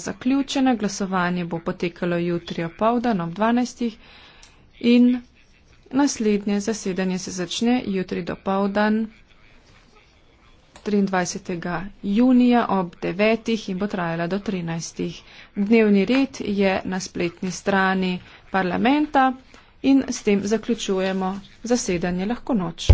Zaključene glasovanje bo potekalo jutri opovdan ob 12. in naslednje zasedanje se začne jutri dopovdan 23. junija ob 9. in bo trajala do 13. Dnevni red je na spletni strani parlamenta in s tem zaključujemo zasedanje lahko noč.